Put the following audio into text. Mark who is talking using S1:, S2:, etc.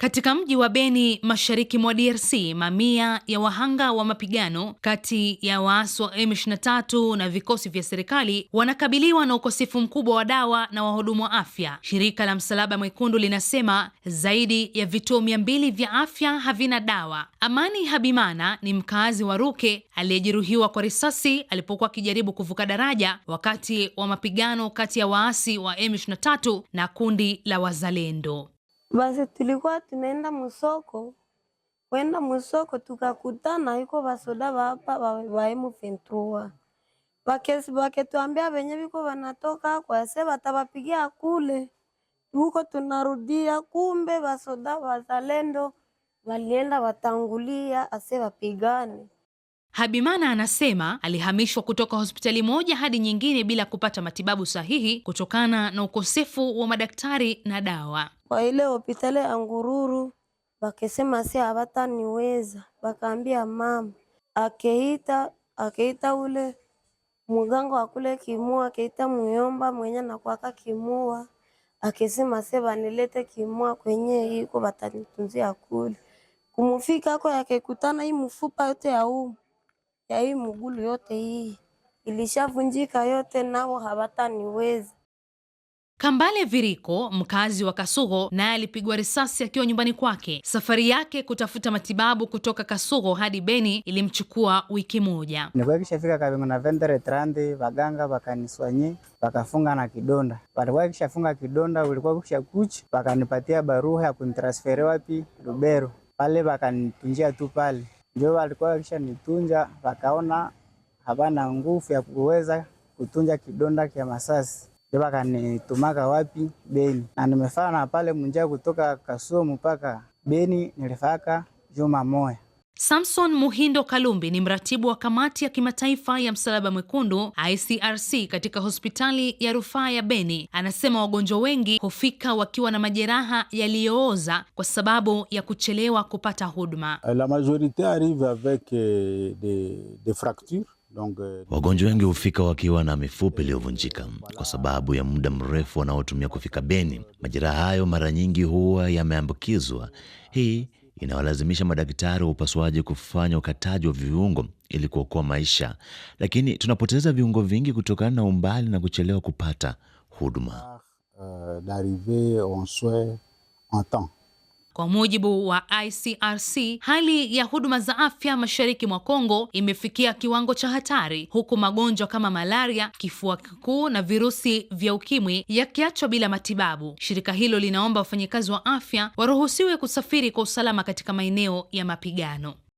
S1: Katika mji wa Beni mashariki mwa DRC, mamia ya wahanga wa mapigano kati ya waasi wa M23 na vikosi vya serikali wanakabiliwa na ukosefu mkubwa wa dawa na wahudumu wa afya. Shirika la Msalaba Mwekundu linasema zaidi ya vituo mia mbili vya afya havina dawa. Amani Habimana ni mkaazi wa Ruke aliyejeruhiwa kwa risasi alipokuwa akijaribu kuvuka daraja wakati wa mapigano kati ya waasi wa M23 na kundi la Wazalendo.
S2: Basi tulikuwa tunaenda musoko, kwenda musoko tukakutana iko basoda bapa ba M23. Bakesi bake tuambia benye biko banatoka kwa se batabapigia kule. Huko tunarudia kumbe basoda wazalendo walienda watangulia ase bapigane.
S1: Habimana anasema alihamishwa kutoka hospitali moja hadi nyingine bila kupata matibabu sahihi kutokana na ukosefu wa madaktari na dawa.
S2: Kwa ile hospitali ya Ngururu wakisema si abataniweza, wakaambia mama akeita akeita ule muganga kule kimua akeita muyomba mwenye nakwaka kimua akesema se banilete kimua kwenye iko watanitunzia kule kumufika ako yakekutana hii mfupa yote ya umu ya hii mugulu yote hii ilishavunjika yote, nao habataniweza.
S1: Kambale Viriko, mkazi wa Kasugho, naye alipigwa risasi akiwa nyumbani kwake. Safari yake kutafuta matibabu kutoka Kasugho hadi Beni ilimchukua wiki moja.
S3: Nilikuwa kishafika Kavingo na vendere trandi, waganga wakaniswanyi wakafunga na kidonda, walikuwa kishafunga kidonda, ulikuwa kisha kuchi, wakanipatia baruha ya kunitransferi wapi Lubero pale, wakanitunjia tu pale ndio alikuwa nitunja wakaona hapana nguvu ya kuweza kutunja kidonda kya masasi, ndio wakanitumaka wapi Beni, na nimefana pale munjia kutoka Kasumu mpaka Beni nilifaka juma moya.
S1: Samson Muhindo Kalumbi ni mratibu wa kamati ya kimataifa ya Msalaba Mwekundu ICRC katika hospitali ya rufaa ya Beni. Anasema wagonjwa wengi hufika wakiwa na majeraha yaliyooza kwa sababu ya kuchelewa kupata huduma.
S4: Euh, la majorite arrive avec euh, des, des fractures
S5: euh, Wagonjwa wengi hufika wakiwa na mifupa iliyovunjika kwa sababu ya muda mrefu wanaotumia kufika Beni. Majeraha hayo mara nyingi huwa yameambukizwa. Hii inawalazimisha madaktari wa upasuaji kufanya ukataji wa viungo ili kuokoa maisha, lakini tunapoteza viungo vingi kutokana na umbali na kuchelewa kupata huduma.
S6: Uh,
S1: kwa mujibu wa ICRC, hali ya huduma za afya mashariki mwa Kongo imefikia kiwango cha hatari, huku magonjwa kama malaria, kifua kikuu na virusi vya ukimwi yakiachwa bila matibabu. Shirika hilo linaomba wafanyakazi wa afya waruhusiwe kusafiri kwa usalama katika maeneo ya mapigano.